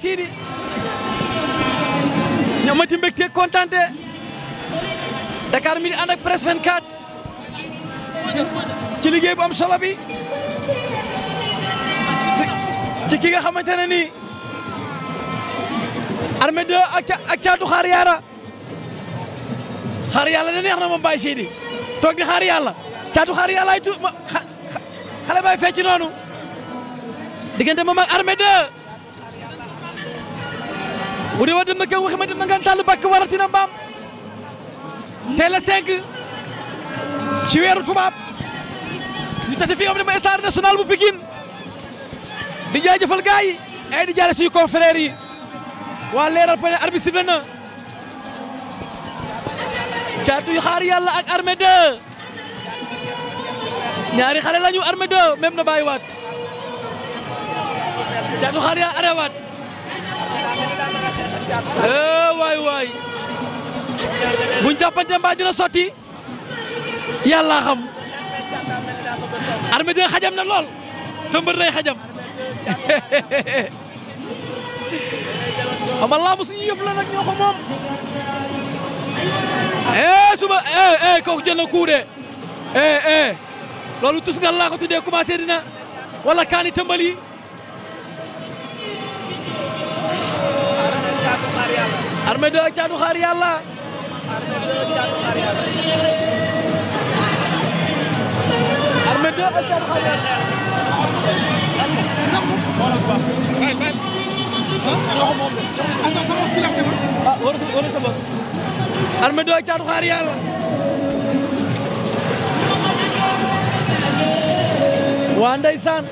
Sidi ñu amati mbégte kontante Dakar Midi ànd ak presse 24 ci liggéey bu am solo bi ci ki nga xamante ne nii Armé 2 ak caatu xaar yaara xaar yàlla da neex na moom Baye Sidi toog di xaar caatu xaar yàlla tu xale bay fecc noonu diggante moom ak Armé 2 uri wa dimna ken waxima dimna ngan tall bakk waratina mbaam teel a cinq ci weeru tubaab ñu tase fi nga xam ne mooy bu Pikine di jaajëfal gars ay di jaale suñu confrères yi waa leeral point arbitre sifflé na caatu yu xaar yàlla ak armée ñaari xale lañu armée 2 na bàyyi waat caatu xaar yàlla arrêté waat eh waay waay buñ jàppante mbaa dina sotti yàlla xam Armé 2 xajam na lool te mbër day xajam ama laamu suñu yëf la nag ñoo ko eh, suba eh eh kooku jël na coup eh, eh. loolu tus nga laa ko tuddee commencé dina wala kaani tëmbal Armé 2 Caatu Xaar Yàlla Armé Caatu Xaar Yàlla Armé 2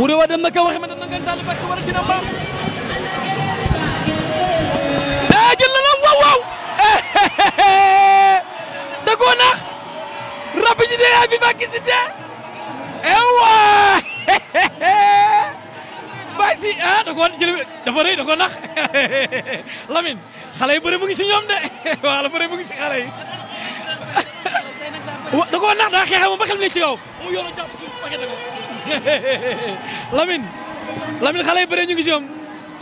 wure wa dem ka waxi ma dem na ngeen sana rapidité ya vivacité ewa eh basi ah da koo jël dafa rëy da koo nax Lamine xale yi mu ngi si ñoom de waaw la mu ngi si xale yi da koo nax daa ba xel ne ci kaw mu yoro jàpp ci yi bëri ñu ngi si ñoom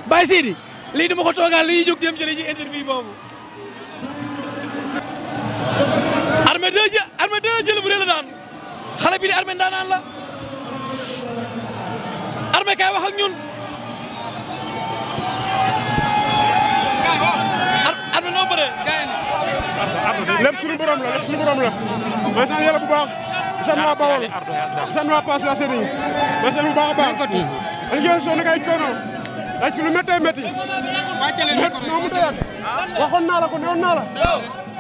bàyyi Sidi lii dama ko toogaal li ñuy jóg dem jëli ji interview boobu armée deux jë armée deux jël bu rëy la daan xale bi di armée ndaanaan la armée kaay wax ak ñun. armée noo bëree. lépp suñu borom la lépp suñu borom la. may sant yàlla bu baax. sant waa Bawol sant waa Paas la Séni may sant bu baax a baax. dañu koy sonn kay coono ay lu méttee métti. waxoon naa la ko newoon naa la.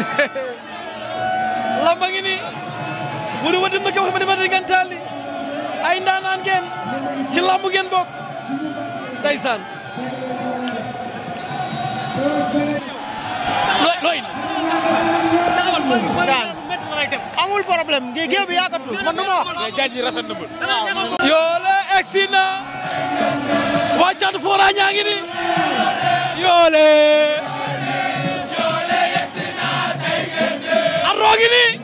lamba ngi ni wuri wadim na ke wax ma dema di ngeen taali ay ndaanaan ngeen ci lamb ngeen bokk ndeysaan looy looy amul problème ngi géew bi yaakatul ma wax jaji rafet na ma yoole egsi na waa foora ñaa ngi ni yoole ngi nii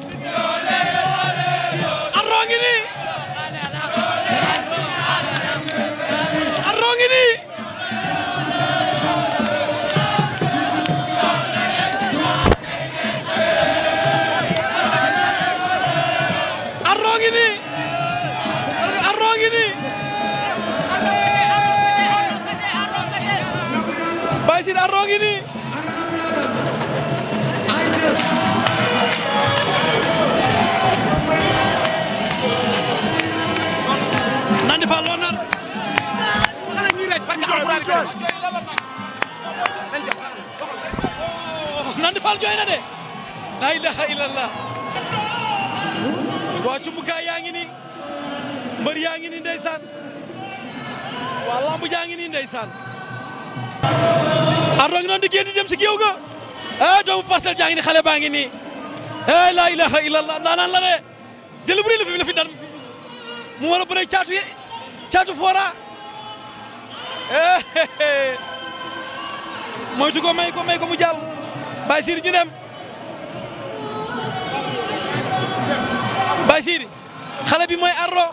ndeysaan Ardo ngi noonu di génn di dem si géew ga eh doomu parcelle jaa ngi ni xale baa ngi nii eh laa ilaha illallah la de jël bu rëy fi la fi mu war a bëre caatu ye caatu foora eh, moytu ko may ko may ko mu jàll Baye Siri ñu dem Baye Siri bi moy Ardo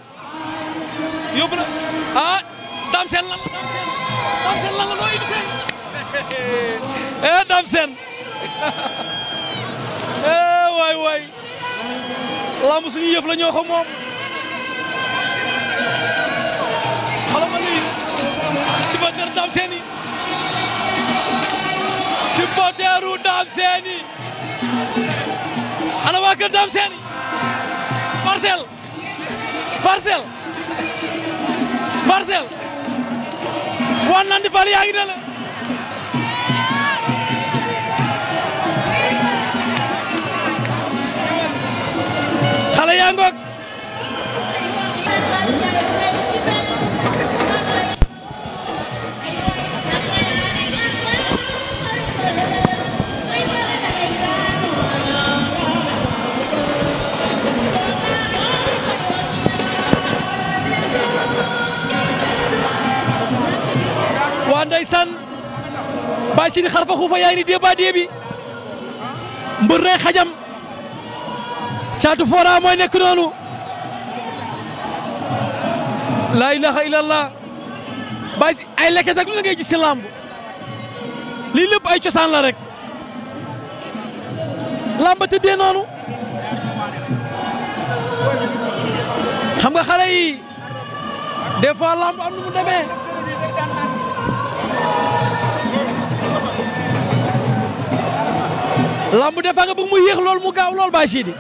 yóbbu na ah Dame Sène lan Dame Sène la nga loo indi tey. eh Dame Sène eh waay waay lamb suñu yëf la ñoo ko moom. xala ma nuyu supporter Dame Sène yi supporteru Dame waa kër Dame Sène wan nandi fal yaa ngi ne ndeysaan bay sidi xarfa xuufa yaay ni déeba déebi mbër rey xajam caatu foora mooy nekk noonu laa ilaha illallah bay si ay lekket lu ngay gis ci làmb lii lépp ay cosaan la rek làmb tëddee noonu xam nga xale yi des fois làmb am nu demee lamb defa nga bëgg mu yéex lool mu gaaw lool Baye Sidi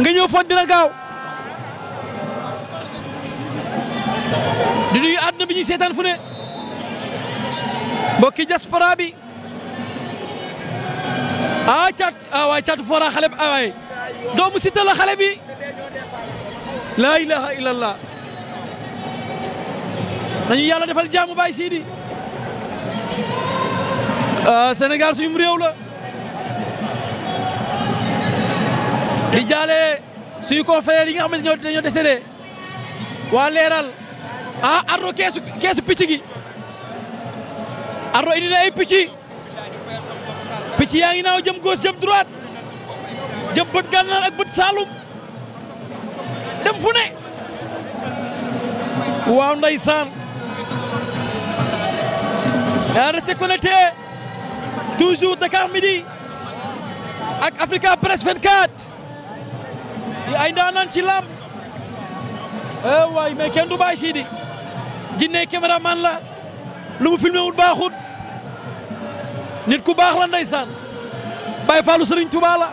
nga ñëw fon dina gaaw di nuyu àdduna bi ñuy seetaan fu ne mbokki diaspora bi a caat a waay caatu foora xale bi a waay doomu Siteu la xale bi laa ilaha illallah yàlla defal jaamu Baye Sidi Sénégal suñu réew la di jaale suñu confrères yi nga xamante ne dañoo décédé waa leeral ah ardo keesu picc gi ardo indi na picc picc yaa ngi naaw jëm gauche jëm droite jëm bët gànnaar ak bët saalum dem fu ne waaw ndeysaan yaa resté connecté toujours Dakar Midi ak Africa Presse 24 di ay ndaanaan ci làmb eh waay mais kenn du bàyyi Sidi jinne caméraman la lu mu filmé wul baaxut nit ku baax la ndeysaan Baye Fallou Serigne Touba la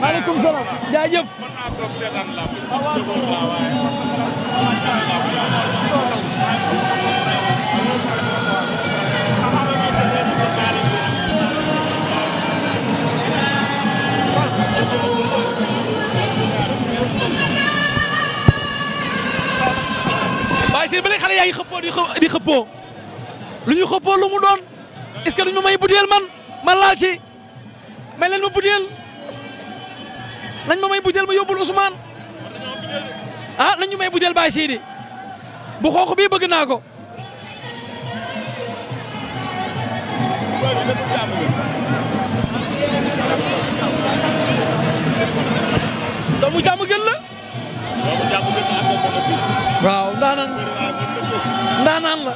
maaleykum salaam jaajëf waaye seen ba léegi xale yaa ngi xëppoo di xëppoo lu ñu xëppoo lu mu doon est-ce que ma may butéel man man laal ci may leen ma butéel nañ may butéel ma yóbbul Ousmane ah nañ ñu may butéel Baye Sidi bu xoox bii bëgg naa ko. doomu jàmm gën la. waaw ndaanaan ndaanaan la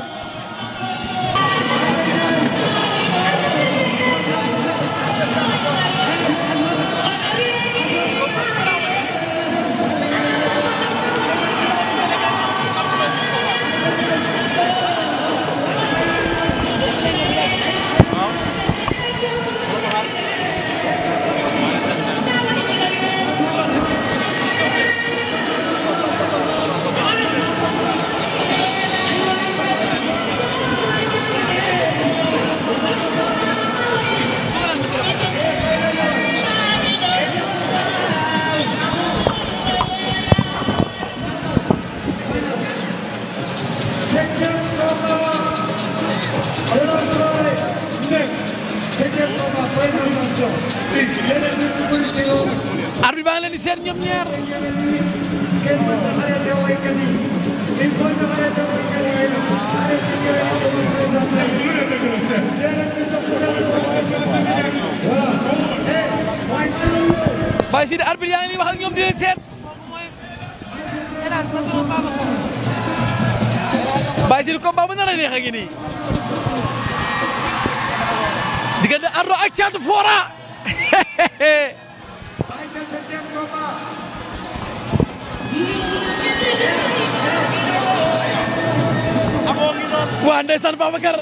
waa ndeysaan Babacar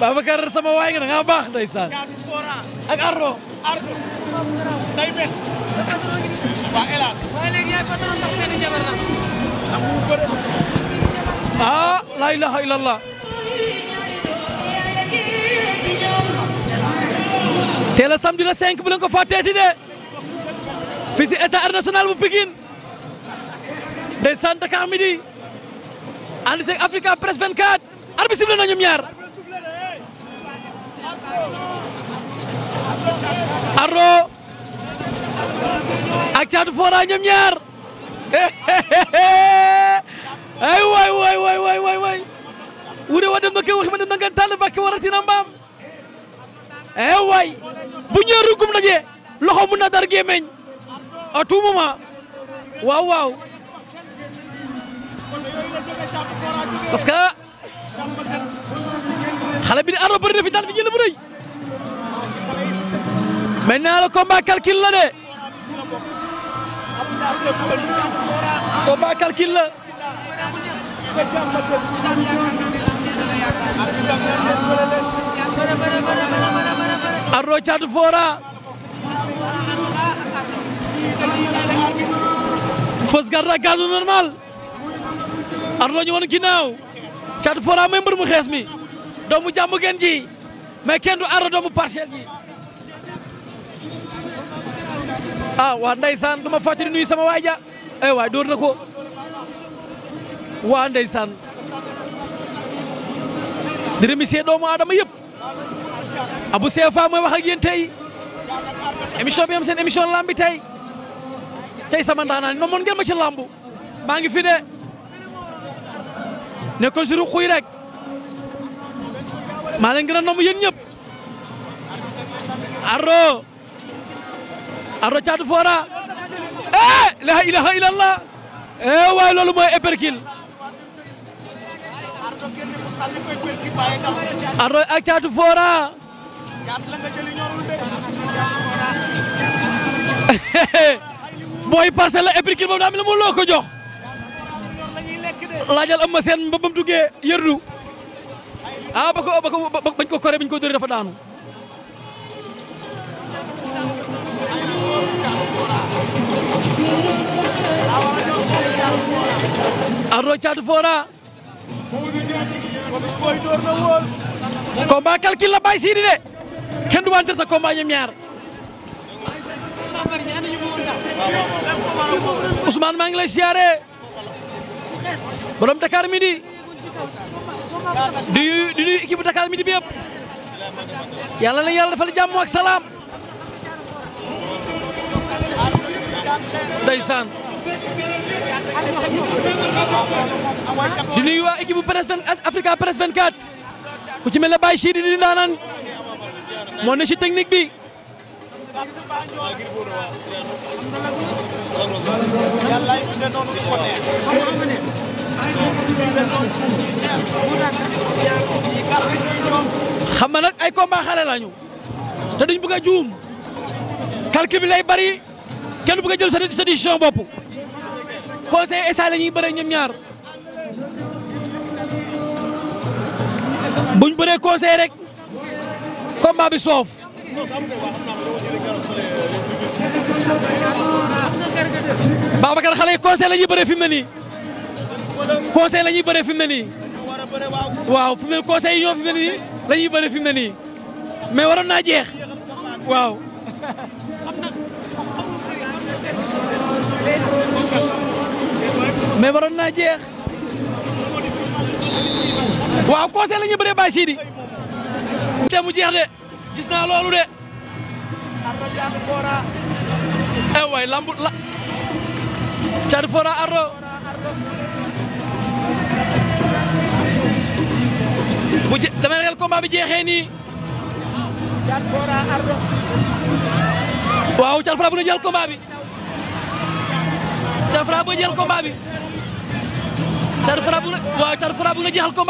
Babacar sama waay nga da ngaa baax ndeysaan ak Ardo Ardo day la ah la la samedi bu leen ko fàtteeti de fii si stade national ànd seeg Africa Press 24 arbitre sifflé na ñoom ñaar Ardo ak Thiatou Fora ñaar ay waay waay waay waay waay waay wude wa dem na ke waxi ma dem na ngan tàll bàkki waratina mbaam eh waay bu ñëwee rugum daje loxo mun na dar gémmeñ à tout moment waaw waaw parce que xale bi di Ardo fi daan fi jël bu rëy la de combat calcul la Ardo Thiatou Fora fausse garde à gaz Ardo ñu woon ginnaaw Thiatou Fora may mbër mu xees mi doomu jàmm gën ji mais kenn du Ardo doomu parcelle ji ah waa ndeysaan du ma fàttali nuyu sama waay ja eh, ay ko waa ndeysaan di remercier doomu aadama yëpp Abou CFA mooy wax ak yéen tey émission bi am seen émission lambi tey tey sama ndaanaan noonu ngeen ma ci lambu maa ngi fi ne ko juru xuy rek maa leen gën a nomb yéen ñëpp arro caatu foora eh la ilaha illallah eh waaye loolu mooy éperkil arro ak caatu foora booy parcelle la éperkil boobu daa mel ne moo loo jox laajal am ma seen ba ba yërdu ah ba bañ ko koree bañ ko dóoree dafa daanu. Ardo Thiatou Fora. combat calcul la Baye Sidi de kenn du wanteer sa combat ñoom ñaar. Ousmane maa ngi lay siyaare. borom Dakar midi di di nuyu équipe Dakar midi bi yëpp yàlla na yàlla defal jàmm ak salaam. ndeysaan di nuyu waa équipe bu presse Africa presse 24 ku ci mel ne Baye Chidi di ndaanaan moo ne ci technique bi. xam nga nag ay combat xale lañu te duñ bëgg a juum calcul lay bari kenn bëgg a jël sa décision bopp conseil esa la ñuy bëree ñoom ñaar buñ bëree conseil rek combat bi soof. Babacar xale yi conseil la ñuy ne nii conseil la ñuy bëree fi mu nii waaw fi mu ne conseil yi fi mu nii la ñuy fi mu nii mais waroon naa jeex waaw. mais waroon naa jeex waaw conseil la ñuy bëree Baye Sidi. mu jeex de gis naa loolu de. eh lambu la Thiatou Fora Ardo. bu jë damay ragal combat bi jeexee waaw Thiat Fra bu na jël combat bi. Thiat Fra bu na jël combat bi. Thiat Fra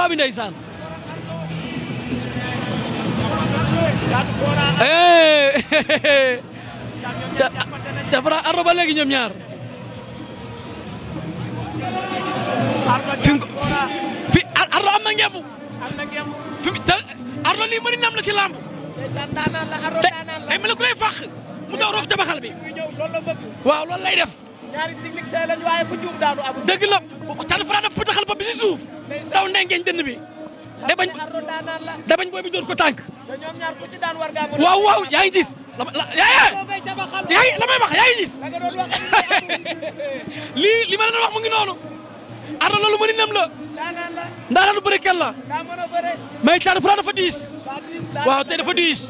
bu na na ardo ba léegi ñoom ñaar. fi ardo am na fi mu te Ardo lii nam la si lamb day mel ku lay fàq mu daw roof tabaxal bi waaw loolu lay def. ku juum daanu amul. dëgg la Thiatou Fara dafa taxal ba bi si suuf daw ndengeñ dënn bi. da bañ da bañ booy bi door ko tànk. waaw waaw yaa ngi la la yaa ngi wax lii li ma leen wax mu ngi noonu. Ardo loolu mëni nam la ndaanaan lu bëri kenn la mais Thiatou diis waaw tey dafa diis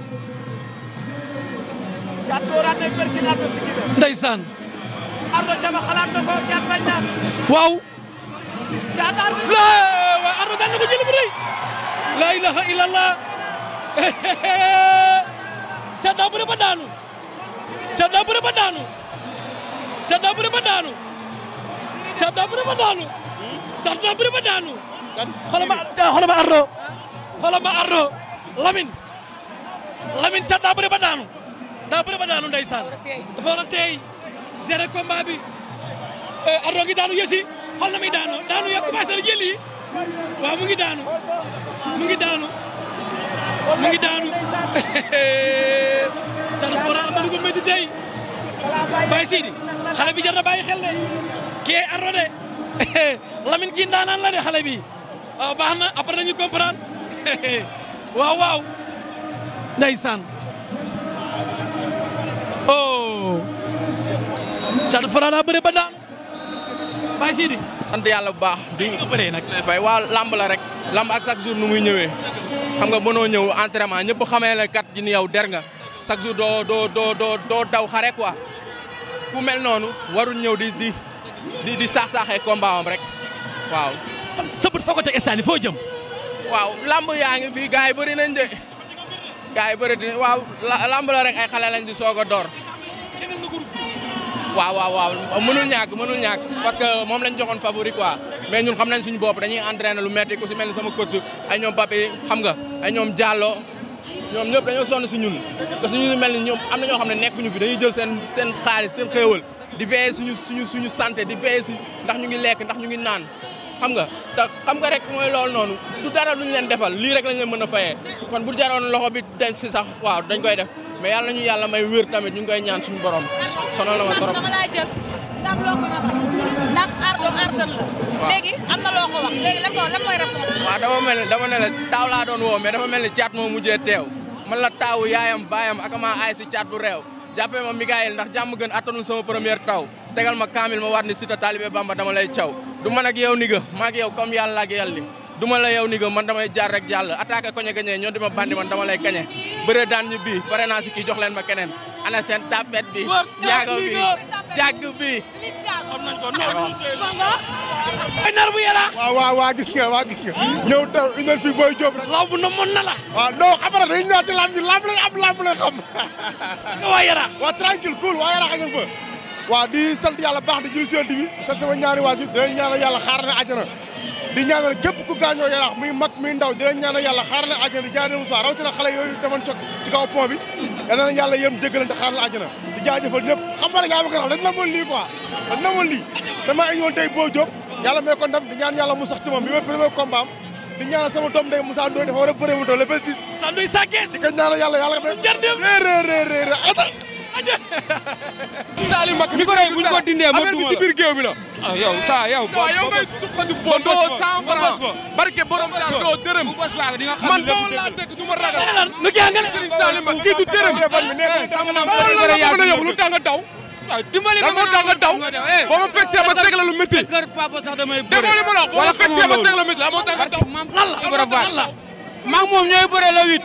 ndeysaan Ardo jama xalaat na ko jaan bañ na waaw la waaw Ardo daan na ko jël bu rëy la ba daanu Thiatou daa ba daanu Thiatou daa ba daanu Thiatou daa ba daanu carton bëri ba daanu. xoolal ma xoolal ma Ardo. xoolal ma Ardo Lamine. Lamine ba daanu. daa bëri ba daanu ndeysaan. dafa war a teey bi. Eh, Ardo ngi daanu yësi xool na muy daanu daanu ya commencé na jëli ngi daanu mu daanu car bora am na lu ko siidi xale bi xel de kii Ardo de Lamine kii ndaanaan la de xale bi waaw ah, baax na après nañu comprendre waaw waaw. ndeysaan oh. Caatu Fara daa bëre ba daan Baye Sidi. sant yàlla bu baax. di nga bëree nag fay waa lamb la rek. lamb ak chaque jour nu muy ñëwee. xam nga noo ñëw entraînement ñëpp xamee la kat ji ni yow der nga chaque jour doo doo doo doo daw xare quoi ku mel noonu warul ñëw di di. di di saax saaxee combat am rek waaw. sa bët foo ko teg foo jëm. waaw lamb yaa ngi fii gars yi bëri nañ de gars yi bëri nañ waaw lamb la rek ay xale lañ di soog a door. waaw waaw waaw mënul ñàkk mënul ñàkk parce que moom lañ joxoon favori quoi mais ñun xam nañ suñu bopp dañuy entraîné lu metti ku si mel ni sama coach ay ñoom Pape xam nga ay ñoom Diallo ñoom ñëpp dañoo sonn si ñun. te suñu mel ni ñoom am na ñoo xam ne nekkuñu fi dañuy jël seen seen xaalis seen xéewal di veiller suñu suñu suñu santé di veiller suñu ndax ñu ngi lekk ndax ñu ngi naan xam nga te xam nga rek mooy loolu noonu du dara lu leen defal lii rek lañ leen mën a fayee kon bu jaroon loxo bi denc si sax waaw dañ koy def mais yàlla ñu yàlla may wér tamit ñu ngi koy ñaan suñu borom sonal na ma trop ndax loo ko rabal ndax mel ne dama ne la taaw laa doon woo mais dafa mel ni caat moo mujjee teew man la taawu yaayam baayam ak maa si caat bu réew. jàppee ma Mikaël ndax jàmm gën attanul sama première taw tegal ma kaamil ma waat ni Siteu taalibe Bamba dama lay caw du man ak yow ni ga maa ak yow comme yàlla duma la yow ni ko man damay jaar rek jàll attaqué koñe gañee ñoo dima bandi man dama lay kañe bëre daan ñu bii pare naa si kii ma keneen ana seen tapet bi yaago bi jàgg bi xam nañ ko ay nar bu yàlla waaw waa waa gis nga ñëw taw indal fii booy jóob law bu na mën na la waaw non xam nga dañu ñaar ci lamb ji lamb lañ am xam waa yara waa tranquille cool waa yara xagal fa waaw di sant yàlla baax di jël si bi sant sama ñaari waajur dinañ ñaanal yàlla xaar di ñaanal képp ku gaañoo yaraax muy mag muy ndaw di leen ñaanal yalla xaaral àjjana di jaajëfal saa rawatina xale yooyu demoon cog ci bi yal na yàlla yërëm jéggal te xaaral àjjana di jaajëfal ñëpp xam nga rek yaa ma ko xam dañ namoon lii quoi dañ namoon lii damaa indi woon tey boo jóg yàlla may ko ndam di ñaan yàlla mu sax ci moom bi mooy premier combat am di ñaanal sama doom ndey Moussa Ndoye dafa war a bëree mu toll le 26 Moussa Ndoye sa kees di ko ñaanal yàlla yàlla nga fa ré ré ah yow saa yow. boo yow ngay tuxandu boo doo cent barke borom daal doo dërëm. man noonu laa dëkk du ma ragal. nu jàngale Ba kii du dërëm. sama naam boo ko mën a yóbbu lu tàng daw. waaw dimbali ma mën a daw boo ma fekk see ba teg la lu métti. kër papa sax damay bëri. déggoo li ma la wax boo ma fekk see ba lan la lan maa moom ñooy bëre la huit.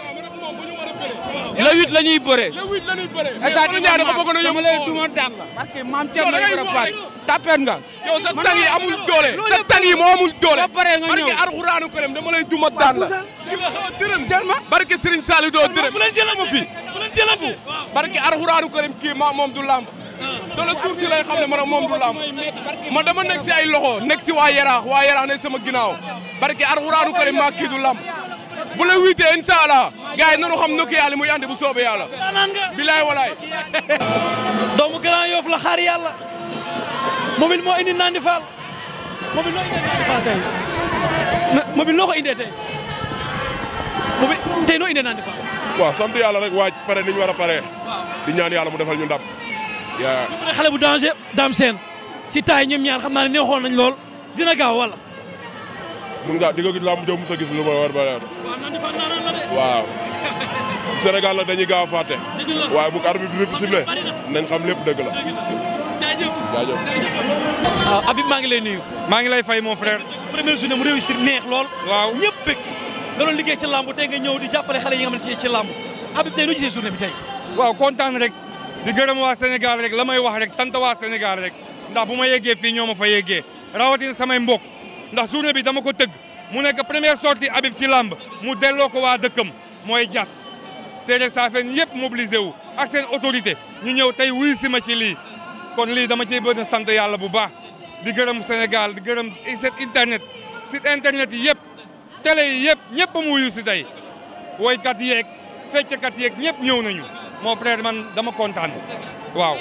le huit la ñuy bëree. le huit la ñuy bëree. instant bii ñaar dafa bëgg a yóbbu lay duma daan la. parce que maam Thierno da ngay faat tapet nga. yow sa tang yi amul doole. sa tang yi moo amul doole. ba pare nga ñëw barke Alxuraanu Karim dama lay duma daan la. dërëm jël ma. barke Serigne Saliou doo dërëm. bu leen jëlamu fi kii ma moom du lamb. Ah. doole suuf lay xam ne man ak moom du lamb. man dama nekk si ay loxo nekk si waa Yaraax waa Yaraax ne sama ginnaaw barke Alxuraanu Karim maa kii du lamb bu la wiitee incha allah gars yi nanu xam nokki yàlla muy andi bu soobee yàlla. bilaay walaay. doomu Grand Yoff la xaar yàlla moom it moo indi Nandi Fall moom noo indee Nandi Fall tey moom it ko indee tey moom waaw sant yàlla rek waaj pare ni ñu war a paree. di ñaan yàlla mu defal ñu ndam. yaa xale bu danger Dame Sène si taay ñoom ñaar xam naa ne neexoon nañ lool dina gaaw wala. mun ngaa di nga gis làmb joo a gis lu ma war ba leer. waaw. la dañuy gaaw a fàtte. waaye bu arbitre bi lépp xam lépp dëgg la. jaajëf jaajëf. waaw ah, Habib maa ngi lay nuyu. maa ngi lay fay mon frère. première journée mu réussir neex lool. waaw ñëpp bëgg. nga doon liggéey ci làmb tey nga ñëw di jàppale xale yi nga xamante ne ci làmb Habib tey nu gisee journée bi tey. waaw kontaan rek. di gërëm waa Sénégal rek la may wax rek sant waa Sénégal rek ndax bu ma yeggee fii ñoo ma fa yeggee rawatina samay mbok ndax journée bi dama ko tëgg mu nekk première sortie Habib ci làmb mu delloo ko waa dëkkam mooy jas Séeréer Safeen yëpp mobilisé wu ak seen autorité ñu ñëw tey wuyu si ma ci lii kon lii dama ci bëgg a sant yàlla bu baax di gërëm Sénégal di gërëm site internet site internet yi yëpp télé yi yëpp ñëpp mu wuyu si tey woykat yeeg fecckat yeeg ñëpp ñëw nañu mon frère man dama kontaan waaw.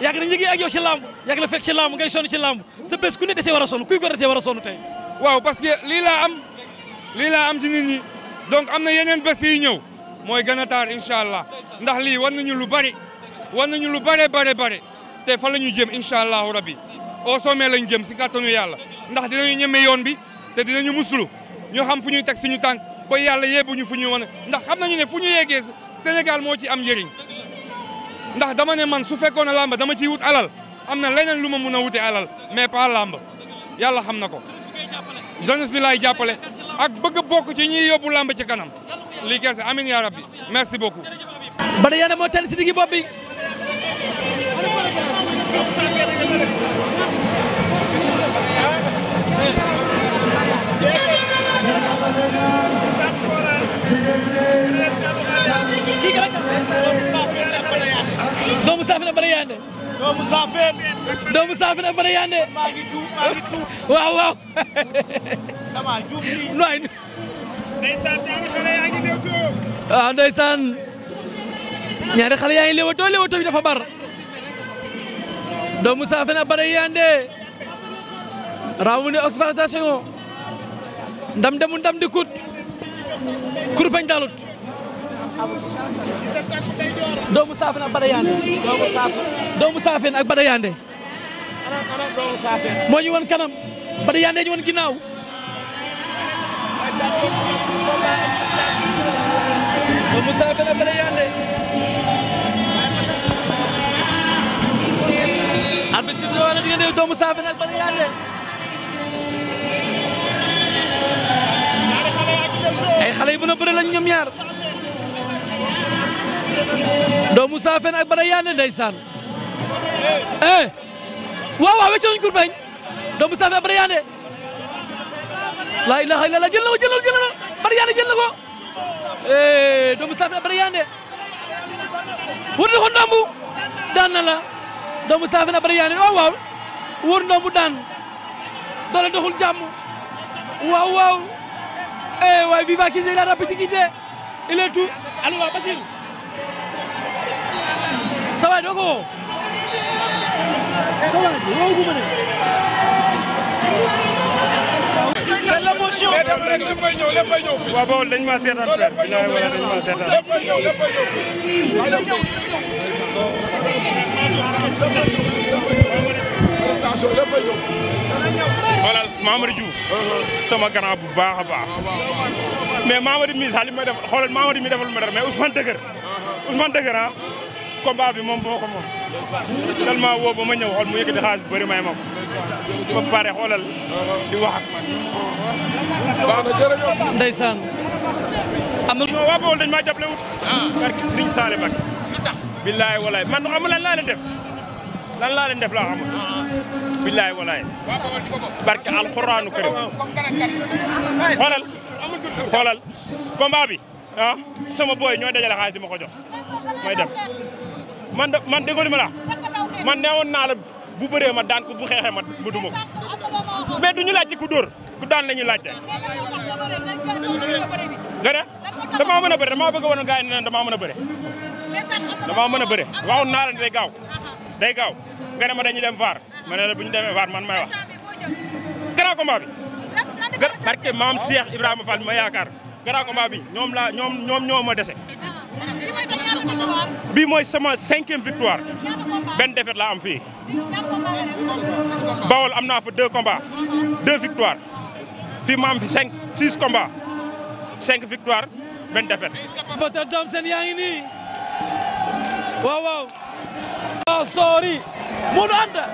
yàgg nañ liggéey ak yow ci làmb yàgg la fekk ci làmb ngay sonn ci làmb sa bés ku ne desee war a sonn kuy ko desee war a sonn tey waaw parce que lii laa am lii laa am ci nit ñi donc am na yeneen bés yi ñëw mooy gën a taar incha allah ndax lii war nañu lu bari war nañu lu bare bare bare te fa la ñu jëm incha allahu rabbi au sommet lañ jëm si kàttanu yàlla ndax dinañu ñeme yoon bi te dinañu musulu ñu xam fu ñuy teg suñu tànk ba yàlla yebbuñu fu ñuy wan ndax xam nañu ne fu ñu yeggee Sénégal moo ci am njëriñ ndax dama ne man su fekkoon ne làmb dama ciy wut alal am na leneen lu ma mun a wute alal mais pas làmb yàlla xam na ko jeunesse bi laay jàppale ak bëgg bokk ci ñuy yóbbu làmb ci kanam lii kese amin ya rabbi merci beaucoup. ya Yana moo tànn si diggi bopp bi. doomu saafeen. doomu a yande. maa ngi waaw waaw. damaa juum nii. nooy. ndeysaan ñaari xale ñaari xale yaa ngi ah, lewtoo lewtoo bi dafa bar. doomu saafeen ak mën a ndam ndam dikut. kurpeñ dalut. doomu saafeen ak Badayande. doomu saafeen. doomu moo ñu woon kanam Badayande ñu woon ginnaaw. doomu saafeen ak Badayande. arbitre xale yu mën a bëre lañ doomu saafeen ak Bada Yande ndeysaan eh waaw waaw wecc doomu saafeen ak laa ilaha illallah jël na ko jël na ko jël na ko Bada na ko eh doomu saafeen ak Bada Yande wër daan na doomu saafeen ak waaw waaw wër ndombu daan doole doxul jàmm waaw waaw eh waaye viva qui c'est la rapidité sa waay doo ko woo ma ne. c'est l'émotion. dama rek léppay bu baax a baax. mais Mamadou misaal li may def mi defal ma dara mais Ousmane Dëgër. Ousmane Dëgër ah. combat bi moom boo ko moom. tellement ma ñëw xool mu yëkkati xaalis bu bëri may ma ko. ba di wax ak man. baax ah. barki Sëriñ Saale Mbàkke. lu tax man xam lan lan laa leen laa xamul. billaay walaay. barki alxuraanu karim. xoolal. xoolal combat bi ah, sama booy ñooy dajale xaalis ma ko jox may man da man déggoo ma la man neewoon naa la bu bëree ma daan ko bu xeexee ma ma duma ko du ñu laajte ku dóor ku daan la ñu laajte. nga ne damaa mën a bëre damaa bëgg a wan gaa damaa mën a bëre. damaa mën a bëre waxoon naa la day gaaw day gaaw nga ne ma dañuy dem vaar ma ne la bu ñu demee vaar man may wax. grand combat bi. parce que maam Cheikh Ibrahima Fall ma yaakaar grand combat bi ñoom laa ñoom ñoom ñoo ma dese. bii mooy sama cinquième victoire benn défaite laa am fii Bawol am naa fa deux combats deux victoires fii ma fi cinq six combats cinq victoires benn défaite. Papa Dame yaa ngi nii waaw waaw. waaw soori munu anda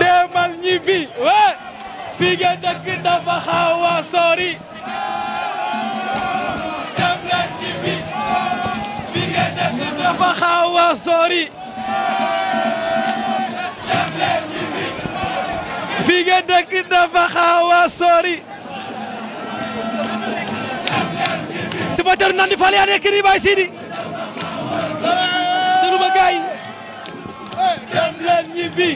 demal ñibbi fii nga dëkk dafa xawa soori. dafa xaw a sori fi nga dëkk dafa xaw a Nandi Fall yaa nekk nii Baye Sidi ma gaay dem leen ñibbi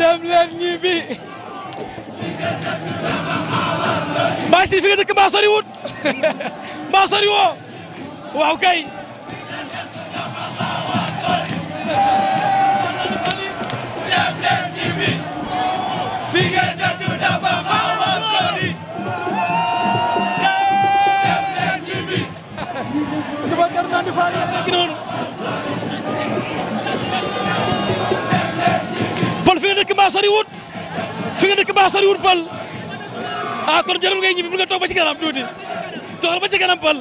dëkk mbaa si fi nga dëkk mbaa sori wut mbaa sori woo waaw kay. bal fi nga dëkk mbaa sori wut fi nga dëkk mbaa sori wut bal. ah kon jërëm ngay ñibbi bu nga toog ba ci kanam tuuti toog ba ci kanam pal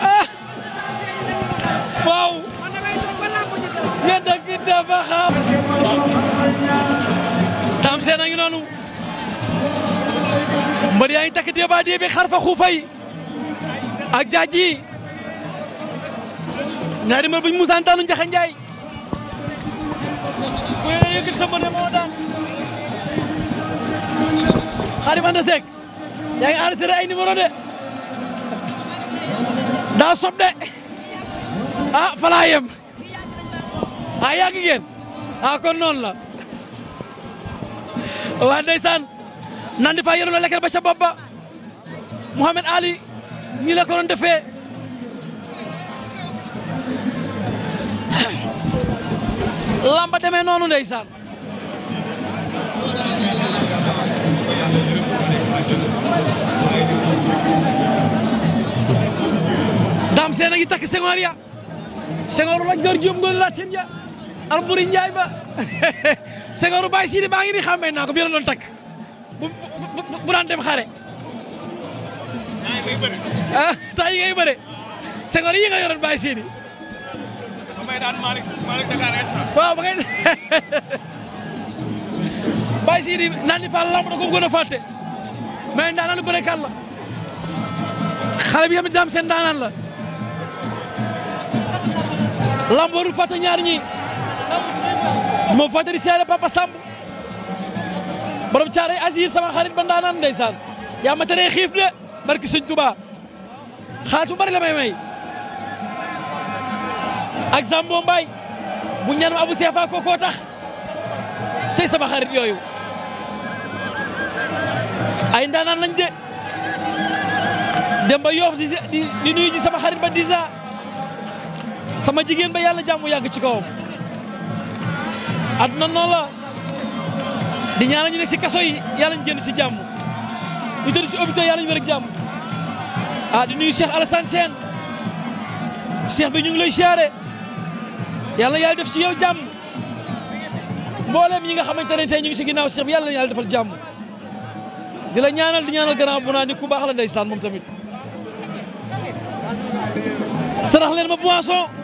ah waaw nga dëgg dafa xam tam seen a noonu mbër yaa ngi takk déeba dee bi xar fa xuufay ak jaaji ñaari mbër bu ñu musaan daanu njaay ku yëkkati sa mbër ne moo daan Khadim Anta Seck yaa ngi enregistré ay numéro de daa sob de ah falaa yem ah yàgg ngeen ah kon noonu la waa ndeysaan nan di fa yenu la lekkel ba ca bopp ba Ali ñi la ko lamba demee noonu ndeysaan Dame Sène a ngi takk Senghor ya Senghor la Dior Diop Ngol Latin ya Alburi Njaay ba Senghor Baye Sidi baa ngi ni xàmmee naa ko bi la doon takk bu bu xare ah, taa yi ngay bëre Senghor yi nga yoroon Baye Sidi waaw ba ngay Baye Sidi ko gën a fàtte mais daanaan lu bëre kan la xale bi yam Dame Sène la lamb warul fàtte ñaar ñi du ma fàtte di seere Papa Samb borom caaray Azir sama xarit ba ndaanaan ndeysaan yaa ma teree xiif de barki sëñ Tuubaa xaalis bu bari la may may ak Zambo Mbaye bu ñanam Abu Sefa kookoo tax tey sama xarit yooyu ay ndaanaan lañ de dem ba yoof di di nuyu ji sama xarit ba disa sama jigéen ba yàlla jàmm yàgg ci kawam àdduna noonu la di ñaanal ñu nekk si kaso yi yàlla ñu si jàmm ñu tëdd si hôpital yàlla ñu wér jàmm ah di nuyu Cheikh Alassane Sène Cheikh bi ñu ngi lay siyaare yàlla yàlla def si yow jàmm mbooleem yi nga xamante ne tey ñu ngi si ginnaaw Cheikh bi yàlla yàlla defal jàmm di la ñaanal di ñaanal grand bu naa ku baax la ndeysaan moom tamit sarax leen ma boisson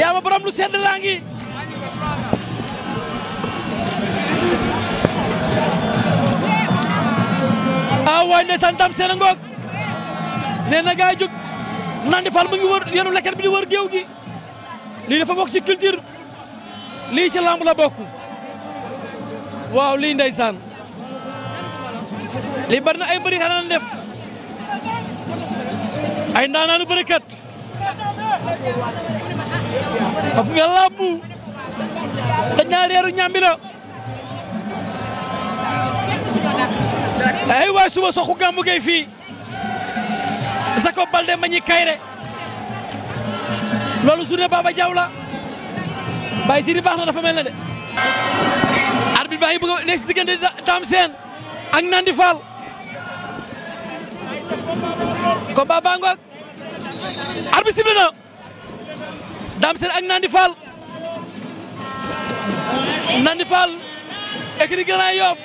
yaa ma borom lu sedd laa ngi ah waay ndeysaan tam ngoog nee na gaay jóg naan di mu ngi wër yenu lekket bi di wër géew gi lii dafa bokk ci culture lii ci lamb la bokk waaw lii ndeysaan lii bari na ay mbëri xanaa def ay ndaanaanu bërikat xam nga làmb dañ naa reeru ñambi la ay suba soxu gàmmu gay fii Jacob Baldé ma ñi kayre loolu journée Baba Diaw la Baye Siri na dafa mel ne de arbitre baa ngi bëgg a nekk si diggante Dame Nandi Fall combat baa ngoog arbitre sifflé Dame Sène ak Nandi Fall Nandi Fall écrit Grand Yoff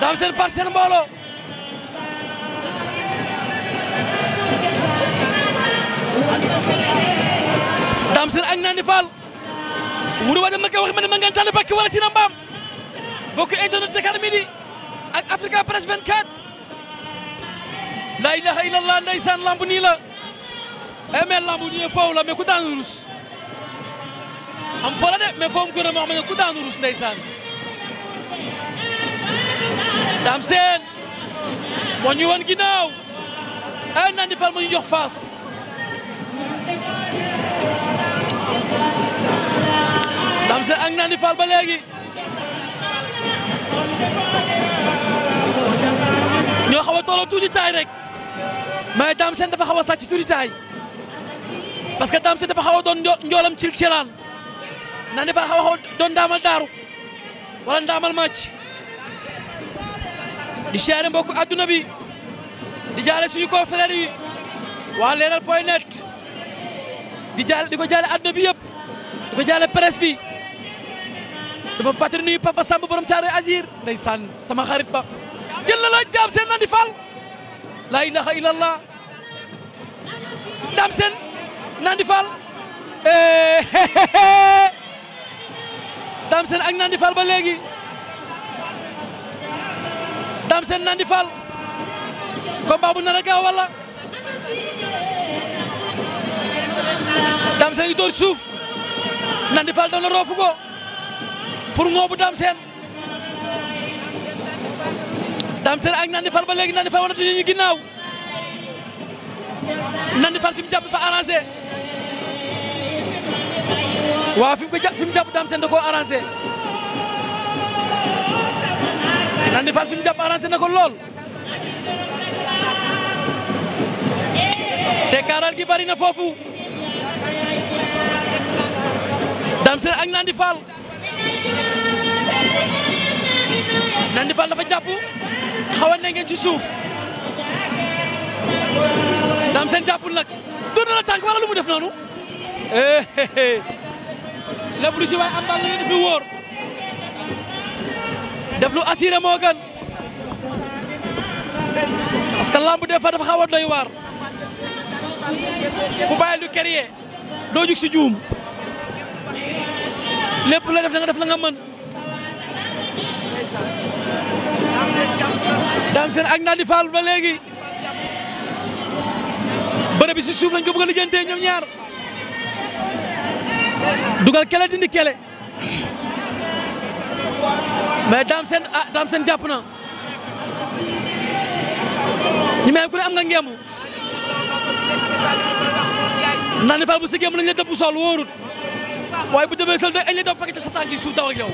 Dame Sène par ak Nandi Fall wuru wa dama ko wax ma ne ma ngeen tànn bakki wala ci na mbaam bokk ak Africa Press 24 la ilaha illallah ndeysaan lamb nii la e mais lamb ñu foofu la mais ku daanu rus am foo la de mais foo mu gën a moo ne ku daanu ndeysaan Dame moo ñu wan ginnaaw ay eh, Nandi Fall mu ñu jox faas Dame Sène ak Nandi Fall ba léegi ñoo xaw a tolloo tuuti taay rek mais Dame Sène dafa xaw a sàcc tuuti taay parce que Dame Sène dafa xaw a doon njoolam ci celaan naan dafa xaw a doon ndaamal daaru wala ndaamal màcc di siyaare mbokku adduna bi di jaale suñu ko frère yi waa leeral point net di jaale di ko jaale adduna bi yëpp di ko jaale presse bi dama fàttali nuyu Papa Samb borom caare Azir ndeysaan sama xarit ba jël na la Dame Sène naan fal la ilaha illallah Dame Nandi Fall Dame Sène ak Nandi Fall ba léegi Dame Sène Nandi Fall combat bu nar gaaw wala Dame Sène ngi suuf Nandi Fall doon na roofu ko pour ngoobu Dame Sène Nandi Fall ba léegi Nandi Fall wanatuñu ñu ginnaaw Nandi Fall fi mu jàpp fa arrangé waaw fi mu ko jàpp fi mu jàpp Dame Sène da koo arrangé Nandi Fall te kaaral gi bari na foofu Dame Sène ak Nandi Fall Nandi Fall dafa jàpp xaw a ngeen ci suuf Dame Sène jàppul nag doon na la tànk wala lu mu def noonu. Eh, eh, eh. lépp lu si waay am bal la ngeen fi wóor def lu assuré moo gën parce que lamb des fois dafa xaw a doy waar ku bàyyi lu créer doo jug si juum lépp la def da def la nga mën daam seen ak naa di faal ba léegi bërëb bi si suuf lañ ko bëgg a ñoom ñaar dugal kele dindi kele mais Dame Sène ah Dame Sène jàpp na ñu mel ku ne am nga ngeemu ndax ni fal bu si géem lañ la dëpp sol wóorut waaye bu demee sol de añ la dëpp paquet sa tànk yi ak yow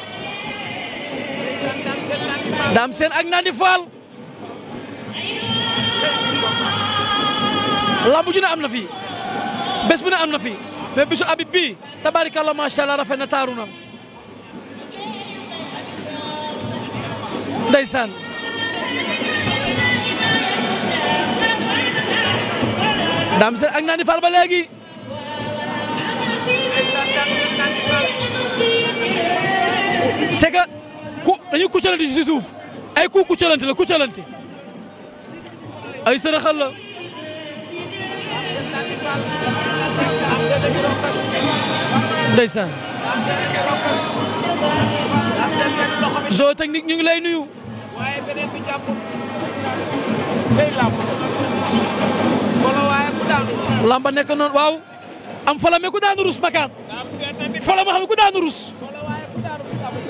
Dame Nandi Fall lamb ne am na fi bés ne am na fi mais bisu Habib bii tabarikàlla macha allah rafet na taaru na ndeysaan Dame Sène ak Nandi Fall ba léegi c'est ku dañuy kucalante ci ay ku kucalante la kucalante ay sërëxal la ndeysaan zoo technique ñu ngi lay nuyu lamba nekk noonu waaw am falame ku daanu rus makaan falama xam ku daanu rus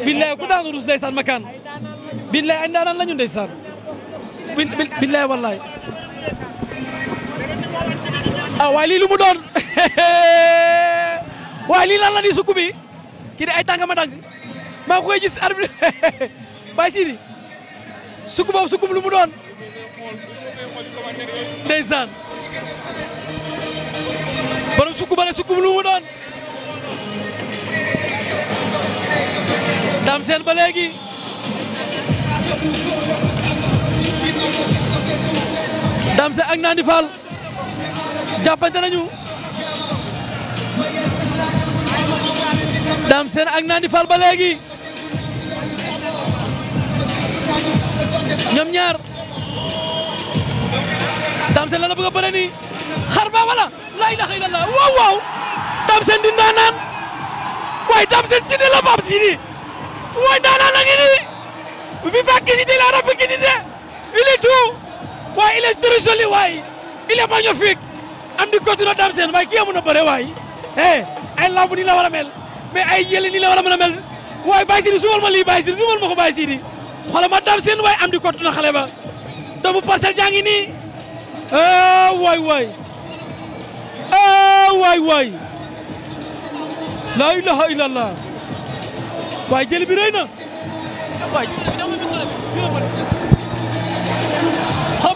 billaay ku daanu rus ndeysaan makaan billaay ay ndaanaan lañu ndeysaan billaay wallaay ah waaye lii lu mu doon waaye lii di sukk bi kii de ay tàngama dang maa koy gis arbitre Baye Sidi sukk boobu sukkum lu lu mu doon dam seen ba léegi dam seen ak Nandi jàppante nañu Dame Sène ak Nandi Fall ba léegi ñoom ñaar Dame Sène la la bëgg a bëre nii xar ba wala la ilaha illallah waaw waaw Dame Sène di ndaanaan waaye la bab si nii waaye la ngi nii viva quisité la rapide quisité il est tout waaye il est très joli waaye il est magnifique am di kotu na Dame Sène waaye kii amun a bëre waay eh ay lamb nii la war mel mais ay yële nii la war mel waaye Baye Sidi sumal ma lii Baye Sidi sumal ma ko Baye Sidi xoolal ma Dame Sène waaye am di kotu na xale ba doomu parcelle jaa ngi nii eh, waay waay eh, waay waay laa ilaha illallah waaye jëli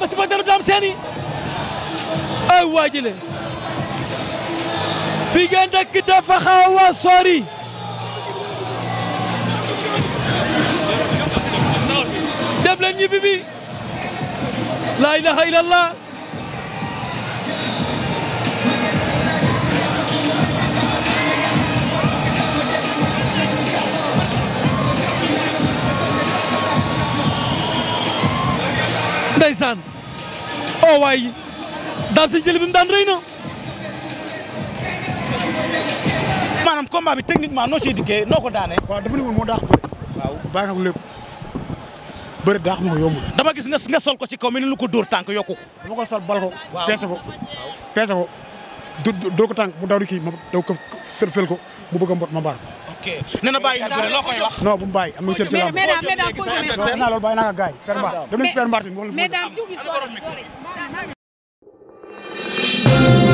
ma si ba daru ay waajile fi ngeen dëkk dafa xaw a dem leen ñibbi laa ilaha illallah ndeysaan o oh, waay Dame Sy jël bi mu daan rëy na. maanaam combat bi techniquement noo ciy dikkee noo ko daanee. waaw dafa ne woon moo daax bëre. waaw baax ak lépp bëri daax moo yomb. dama gis nga sol ko ci kaw mel ni lu ko dóor tànk yokku ko. dama ko sol bal ko. waaw peese ko peese ko dóor mu daw di kii ma daw ko fel fel ko mu bëgg a mbot ma mbaar ko. bu mu bàyyi am na cër ci làmb. mais mais daal mais daal foo jëmee. non non loolu bàyyi naa ko gars yi. per mbaar dem nañu per mbaar Thank you.